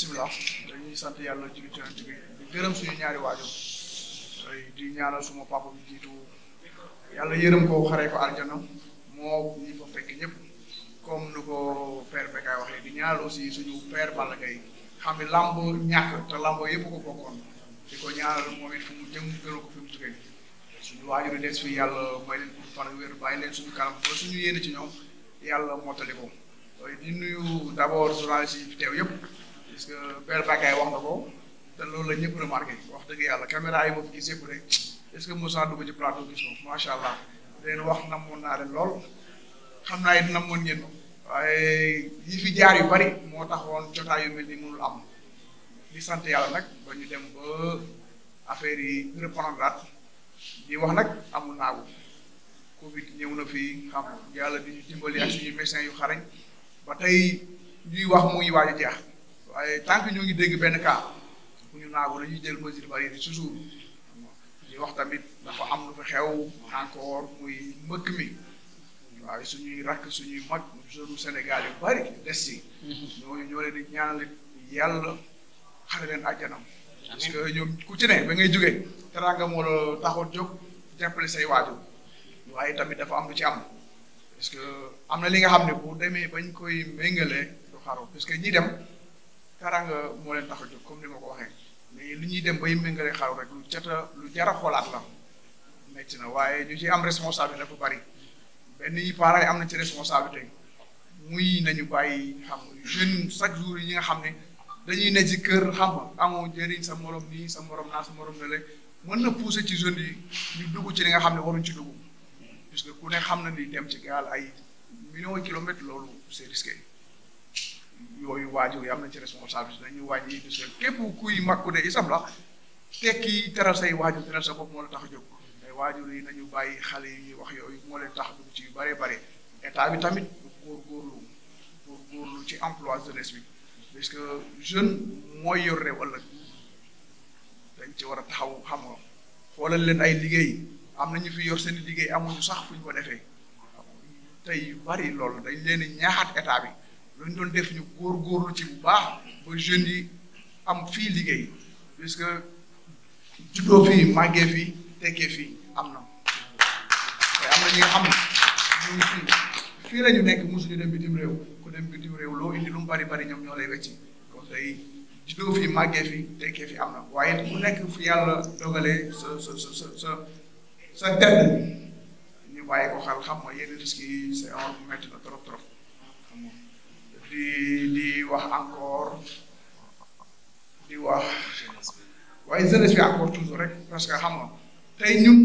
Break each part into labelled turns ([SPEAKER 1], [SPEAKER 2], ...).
[SPEAKER 1] bisimilah dañuy sant yàlla ci biir bi di suñu ñaari waajur di ñaanal suma papa bi jiitu yàlla yërëm ko xaree ko aljana moo ñi fa fekk ñëpp comme nu ko père Bekay waxee di ñaanal aussi suñu père Balla Gaye xam ne lamb ñàkk te lamb yëpp ko bokkoon di ko ñaanal moom it fu mu jëm gënal ko fi mu jógee suñu waajur yi des yàlla may leen pour fan ci ñoom yàlla mottali ko di nuyu d'abord journaliste yi fi teew yëpp. gis nga Père wax na ko te loolu la ñëpp remarqué wax dëgg yàlla caméra yi ma fi gis yëpp rek est-ce que Moussa dugg ci plateau bi suuf macha allah leen wax namoon naa leen lool xam naa it namoon ngeen waaye yi fi jaar yu bari moo taxoon jotaay yu mel ni mënul am sant yàlla nag ba ñu dem ba affaire yi reprendre di wax nag amul naagu Covid ñëw na fi xam yàlla di ñu dimbali ak suñu médecins yu xarañ ba tey ñuy wax mu ngi waaj jeex. waaye tant que ñoo ngi dégg benn kaa bu ñu naagu dañuy jël mesure barrière toujours ñuy wax tamit dafa am lu xew encore muy mbëkk mi suñuy rakk suñuy mag jeune Sénégal bari des si ñooñu ñoo yàlla xare leen àjjanam parce que ñoom ku ci ba ngay jógee teraanga moo la jàppale say waajur tamit dafa am lu ci am parce que am na li nga xam ne bu demee bañ koy méngalee du xaru parce que ñi dem taranga moo leen tax a comme ni ma ko waxee mais li ñuy dem ba bay méngale xaru rek lu jata lu jara xolaat la metti na waaye ñu ci am responsabilité dafa bari benn yi parents am na ci responsabilité muy nañu bàyyi xam jeune chaque jour yi nga xam ne dañuy ne ci kër xam nga amoo jëriñ sa morom nii sa morom naa sa morom ne la mën na pousser ci jeunes yi ñu dugg ci li nga xam ne waruñ ci dugg que ku ne xam na ni dem ci gaal ay millions de kilomètres loolu c'est risqué yooyu waajur yi am nañ ci responsabilité dañuy wàññi émission képp kuy mag ku ne isam la tekki teral say waajur teral sa bopp moo la tax a jóg mais waajur yi nañu bàyyi xale yi ñuy wax yooyu moo leen tax dugg ci yu bare bare état bi tamit góor góorlu góor góorlu ci emploi jeunesse bi parce que jeune mooy yor réew ëllëg dañ ci war a taxaw xam nga xoolal leen ay liggéey am nañu fi yor seen liggéey amuñu sax fuñ ñu ko defee tey yu bari loolu dañ leen ñaaxaat état bi luñ doon def ñu góor góorgóorlu ci bu baax ba jeunes yi am fii liggéey puisque juddoo fii màggee fii tekkee fii am na te am na ñi xam ne ñu fii fii la ñu nekk mosuñu dem bitim réew ku dem bitim réew loo indi lu mu bari bari ñoom ñoo lay wecci i tey juddoo fii màggee fii tekkee fii am na waaye mu nekk fi yàlla dogalee sa sa sa sa sa tedd ñu bàyyi ko xam nga yenn risques yi c'est un métti na trop trop di di wax encore di wax waaye jeunesse bi encore toujours rek parce que xam nga tey ñun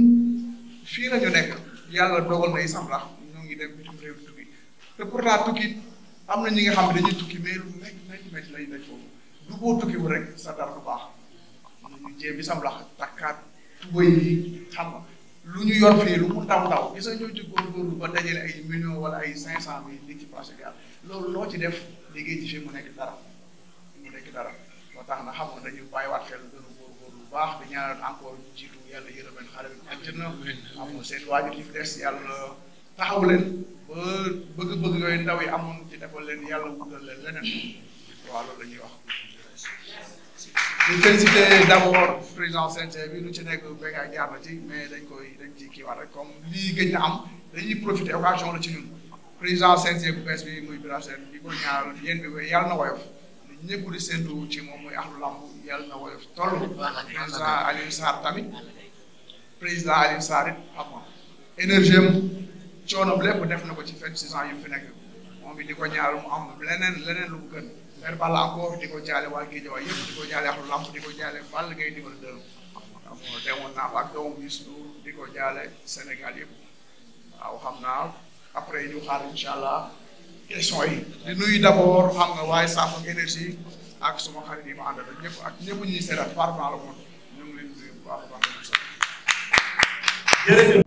[SPEAKER 1] fii la ñu nekk yàlla dogal na isam la ñu ngi dem bitim réew tukki te pourtant tukki am na ñi nga xam ne dañuy tukki mais lu nekk métti métti lañ daj foofu du boo tukki bu rek sa dara du baax ñu jéem isam la takkaat tubay yi xam nga lu ñu yor fii lu mu ndaw ndaw gis nga ñoo ci góorgóorlu ba dajale ay millions wala ay cinq cent mille di ci passé yàlla loolu loo ci def liggéey ci mu nekk dara mu nekk dara moo tax na xamoon dañu bàyyiwaat xel gën a góorgóorlu bu baax di ñaanal encore jiitu yàlla yërëmen xale bi àjjana amoon seen waajur yi fi des yàlla taxaw leen ba bëgg-bëgg yooyu ndaw yi amoon ci defal leen yàlla wutal leen leneen waaw loolu la ñuy wax di félicité d'abord président CNG bi lu ci nekk béykat jaar na ci mais dañ koy dañ ci kiiwaat rek comme lii gëj na am dañuy profité occasion la ci ñun président CNG bu bees bi muy Bira Sène bi ko ñaanal yéen bi koy yàlla na woyof ñëpp di séntu ci moom mooy ahlu lamb yàlla na woyof toll président Alioune Sarr tamit président Alioune Sarr it xam nga énergie am coonoom lépp def na ko ci vingt six ans yu fi nekk moom it di ko ñaanal mu am leneen leneen lu mu gën per ball di ko jaale waa Guédiawaye yëpp di ko jaale ahlu lamb di ko jaale Balla Gaye di ko dërëm demoon naa ak doomu Youssou di ko jaale Sénégal yëpp waaw après ñu xaar incha allah élection yi di nuyu d' abord nga waaye Safo énergie ak suma xarit yi ma àndal ñëpp ak ñëpp ñuy seetal par rapport ak ñu ngi leen di nuyu bu baax a baax.